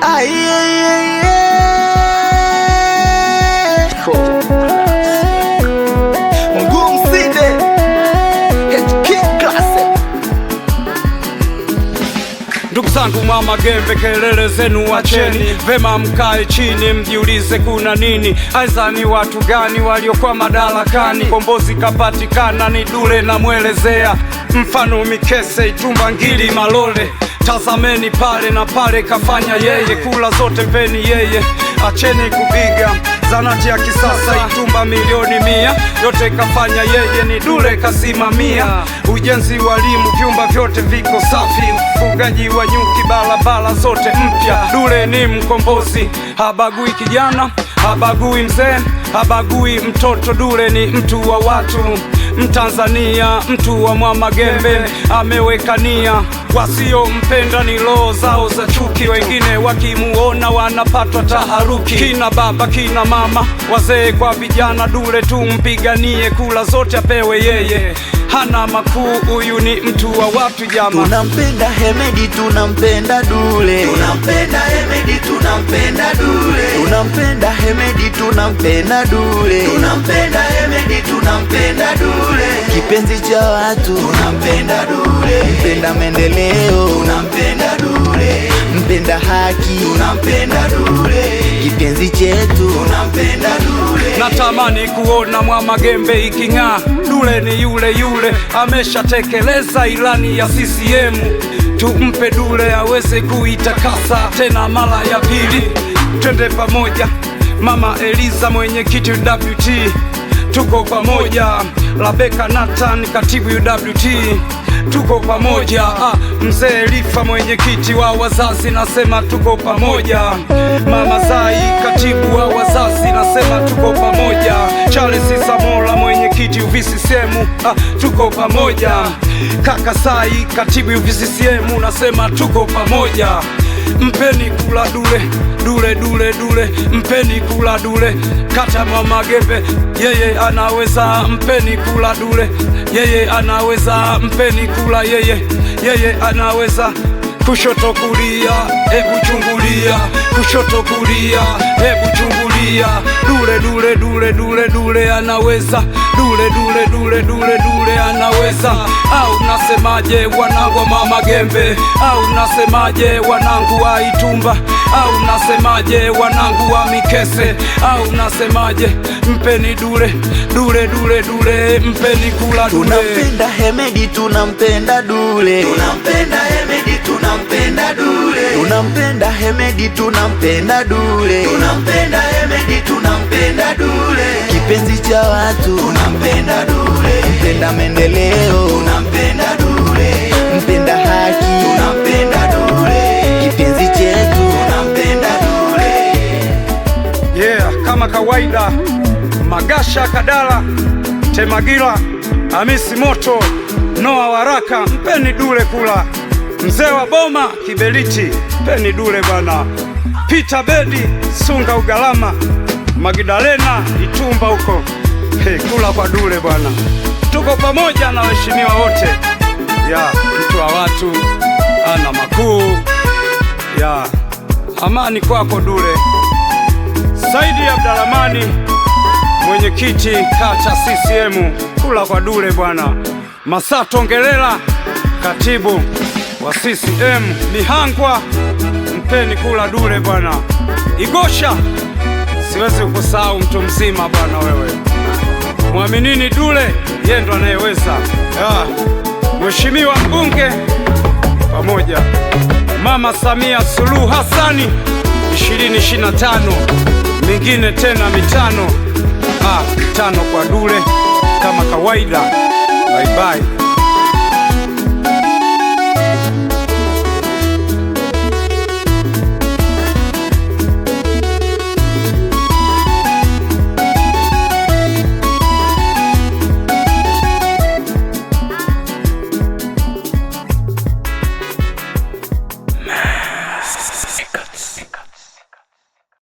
Ndugu zangu gembe, kelele zenu wacheni, vema mkae chini mjiulize kuna nini? Aiza ni watu gani waliokuwa madarakani? Kombozi kapatikana, ni Dule namwelezea, mfano Mikese, Itumba, Ngili, Malole Tazameni pale na pale kafanya yeye, kula zote mpeni yeye, acheni kupiga zanati ya kisasa itumba milioni mia yote kafanya yeye, ni dule kasimamia ujenzi walimu vyumba vyote viko safi, mfugaji wa nyuki, barabara zote mpya. Dule ni mkombozi, habagui kijana, habagui mzee, habagui mtoto, dule ni mtu wa watu. Mtanzania, mtu wa Mwamagembe amewekania wasiompenda ni roho zao za chuki, wengine wakimuona wanapatwa taharuki. Kina baba kina mama, wazee kwa vijana, dule tu mpiganie, kula zote apewe yeye, hana makuu, huyu ni mtu wa watu jama. Tunampenda Hemedi, tunampenda dule, tunampenda Hemedi, tunampenda dule, tunampenda Hemedi, tunampenda dule, tunampenda Hemedi, tunampenda dule Kipenzi cha watu unampenda Dure, mpenda maendeleo unampenda Dure, mpenda haki unampenda Dure, kipenzi chetu unampenda Dure. Natamani kuona Mwamagembe iking'aa, Dure ni yule yule, ameshatekeleza ilani ya CCM. Tumpe Dule aweze kuitakasa tena mara ya pili, twende pamoja. Mama Eliza mwenyekiti WT tuko pamoja. rabeka Nathan, katibu UWT, tuko pamoja. Ah, mzee Lifa, mwenyekiti wa wazazi, nasema tuko pamoja. Mama Zai, katibu wa wazazi, nasema tuko pamoja. Charles Samola, mwenyekiti UVCCM, ah, tuko pamoja. Kaka Sai, katibu UVCCM, nasema tuko pamoja mpeni kula dule dule dule dule, mpeni kula dule. Kata mwa Magembe, yeye anaweza, mpeni kula dule, yeye anaweza, mpeni kula yeye, yeye anaweza. Kushoto kulia, hebu chungulia, kushoto kulia, hebu kulia dule dule dule dule dule anaweza dule dule dule dule dule anaweza au nasemaje wanangu wa mama gembe au nasemaje wanangu wa itumba au nasemaje wanangu wa mikese au nasemaje mpeni dule dule dule dule mpeni kula dule tunampenda Hemedi tunampenda dule tunampenda Hemedi tunampenda dule Tunampenda Hemedi, tunampenda Dule, tunampenda Hemedi, tunampenda Dule, kipenzi cha watu, tunampenda Dule, mpenda maendeleo, tunampenda Dule, mpenda haki, tunampenda Dule, kipenzi chetu, tunampenda Dule. Yeah, kama kawaida, Magasha Kadala, Temagila, Hamisi Moto, Noa Waraka, mpeni Dule kula mzee wa boma kiberiti peni dule bana Peter Bedi sunga ugalama Magdalena Itumba huko hey, kula kwa dule bwana, tuko pamoja na waheshimiwa wote ya mtu wa watu ana makuu ya amani kwako dule. Saidi Abdalamani mwenyekiti kata CCM kula kwa dule bwana. Ngelela katibu wa CCM hangwa, mpeni kula dule bwana. Igosha, siwezi kukusahau mtu mzima bwana, wewe mwaminini dule, yeye ndo anayeweza. Mheshimiwa mbunge pamoja Mama Samia Suluhu Hasani 2025 mingine tena mitano. Ah, mitano kwa dule kama kawaida. Bye bye.